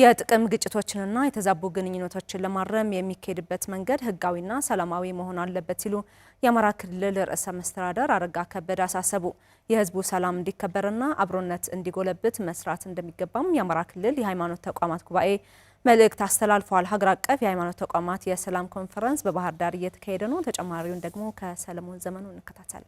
የጥቅም ግጭቶችንና የተዛቡ ግንኙነቶችን ለማረም የሚካሄድበት መንገድ ህጋዊና ሰላማዊ መሆን አለበት ሲሉ የአማራ ክልል ርዕሰ መስተዳደር አረጋ ከበደ አሳሰቡ። የህዝቡ ሰላም እንዲከበርና አብሮነት እንዲጎለብት መስራት እንደሚገባም የአማራ ክልል የሃይማኖት ተቋማት ጉባኤ መልእክት አስተላልፈዋል። ሀገር አቀፍ የሃይማኖት ተቋማት የሰላም ኮንፈረንስ በባህር ዳር እየተካሄደ ነው። ተጨማሪውን ደግሞ ከሰለሞን ዘመኑ እንከታተል።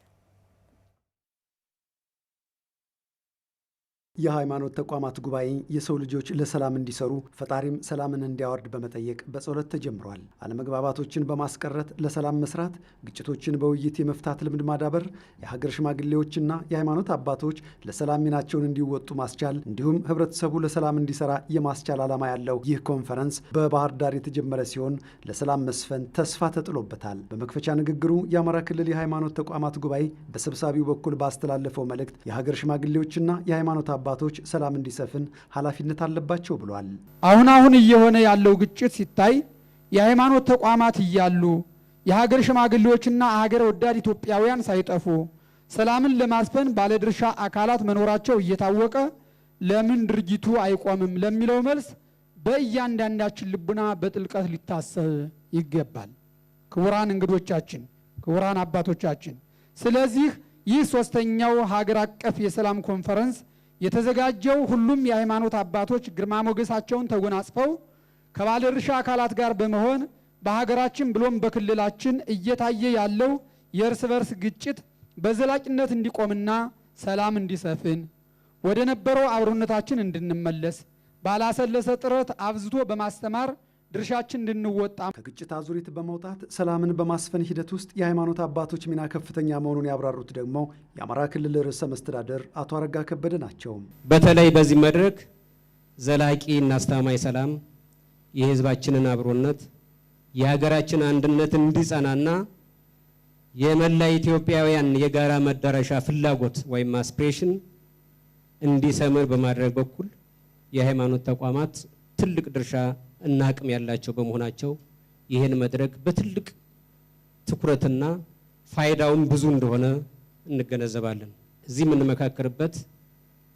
የሃይማኖት ተቋማት ጉባኤ የሰው ልጆች ለሰላም እንዲሰሩ ፈጣሪም ሰላምን እንዲያወርድ በመጠየቅ በጸሎት ተጀምሯል። አለመግባባቶችን በማስቀረት ለሰላም መስራት፣ ግጭቶችን በውይይት የመፍታት ልምድ ማዳበር፣ የሀገር ሽማግሌዎችና የሃይማኖት አባቶች ለሰላም ሚናቸውን እንዲወጡ ማስቻል እንዲሁም ህብረተሰቡ ለሰላም እንዲሰራ የማስቻል ዓላማ ያለው ይህ ኮንፈረንስ በባህር ዳር የተጀመረ ሲሆን ለሰላም መስፈን ተስፋ ተጥሎበታል። በመክፈቻ ንግግሩ የአማራ ክልል የሃይማኖት ተቋማት ጉባኤ በሰብሳቢው በኩል ባስተላለፈው መልእክት የሀገር ሽማግሌዎችና የሃይማኖት አባቶች ሰላም እንዲሰፍን ኃላፊነት አለባቸው ብሏል። አሁን አሁን እየሆነ ያለው ግጭት ሲታይ የሃይማኖት ተቋማት እያሉ የሀገር ሽማግሌዎችና ሀገር ወዳድ ኢትዮጵያውያን ሳይጠፉ ሰላምን ለማስፈን ባለድርሻ አካላት መኖራቸው እየታወቀ ለምን ድርጊቱ አይቆምም ለሚለው መልስ በእያንዳንዳችን ልቡና በጥልቀት ሊታሰብ ይገባል። ክቡራን እንግዶቻችን፣ ክቡራን አባቶቻችን፣ ስለዚህ ይህ ሶስተኛው ሀገር አቀፍ የሰላም ኮንፈረንስ የተዘጋጀው ሁሉም የሃይማኖት አባቶች ግርማ ሞገሳቸውን ተጎናጽፈው ከባለድርሻ አካላት ጋር በመሆን በሀገራችን ብሎም በክልላችን እየታየ ያለው የእርስ በርስ ግጭት በዘላቂነት እንዲቆምና ሰላም እንዲሰፍን ወደ ነበረው አብሮነታችን እንድንመለስ ባላሰለሰ ጥረት አብዝቶ በማስተማር ድርሻችን እንድንወጣ ከግጭት አዙሪት በመውጣት ሰላምን በማስፈን ሂደት ውስጥ የሃይማኖት አባቶች ሚና ከፍተኛ መሆኑን ያብራሩት ደግሞ የአማራ ክልል ርዕሰ መስተዳደር አቶ አረጋ ከበደ ናቸው። በተለይ በዚህ መድረክ ዘላቂ እና አስተማማኝ ሰላም የህዝባችንን አብሮነት የሀገራችን አንድነት እንዲጸናና የመላ ኢትዮጵያውያን የጋራ መዳረሻ ፍላጎት ወይም አስፕሬሽን እንዲሰምር በማድረግ በኩል የሃይማኖት ተቋማት ትልቅ ድርሻ እና አቅም ያላቸው በመሆናቸው ይህን መድረክ በትልቅ ትኩረትና ፋይዳውም ብዙ እንደሆነ እንገነዘባለን። እዚህ የምንመካከርበት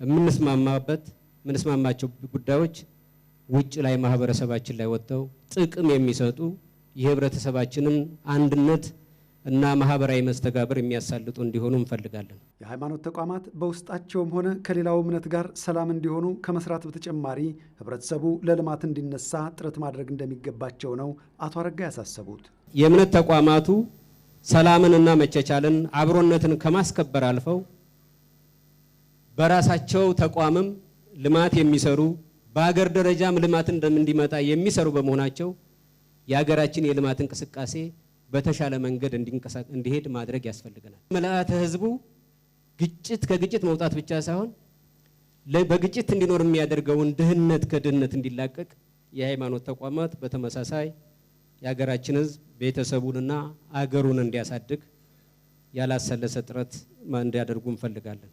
የምንስማማበት የምንስማማቸው ጉዳዮች ውጭ ላይ ማህበረሰባችን ላይ ወጥተው ጥቅም የሚሰጡ የህብረተሰባችንን አንድነት እና ማህበራዊ መስተጋብር የሚያሳልጡ እንዲሆኑ እንፈልጋለን። የሃይማኖት ተቋማት በውስጣቸውም ሆነ ከሌላው እምነት ጋር ሰላም እንዲሆኑ ከመስራት በተጨማሪ ህብረተሰቡ ለልማት እንዲነሳ ጥረት ማድረግ እንደሚገባቸው ነው አቶ አረጋ ያሳሰቡት። የእምነት ተቋማቱ ሰላምንና መቻቻልን አብሮነትን ከማስከበር አልፈው በራሳቸው ተቋምም ልማት የሚሰሩ በሀገር ደረጃም ልማት እንደምን እንዲመጣ የሚሰሩ በመሆናቸው የሀገራችን የልማት እንቅስቃሴ በተሻለ መንገድ እንዲሄድ ማድረግ ያስፈልገናል። ምልአተ ህዝቡ ግጭት ከግጭት መውጣት ብቻ ሳይሆን በግጭት እንዲኖር የሚያደርገውን ድህነት ከድህነት እንዲላቀቅ የሃይማኖት ተቋማት በተመሳሳይ የሀገራችን ህዝብ ቤተሰቡንና አገሩን እንዲያሳድግ ያላሰለሰ ጥረት እንዲያደርጉ እንፈልጋለን።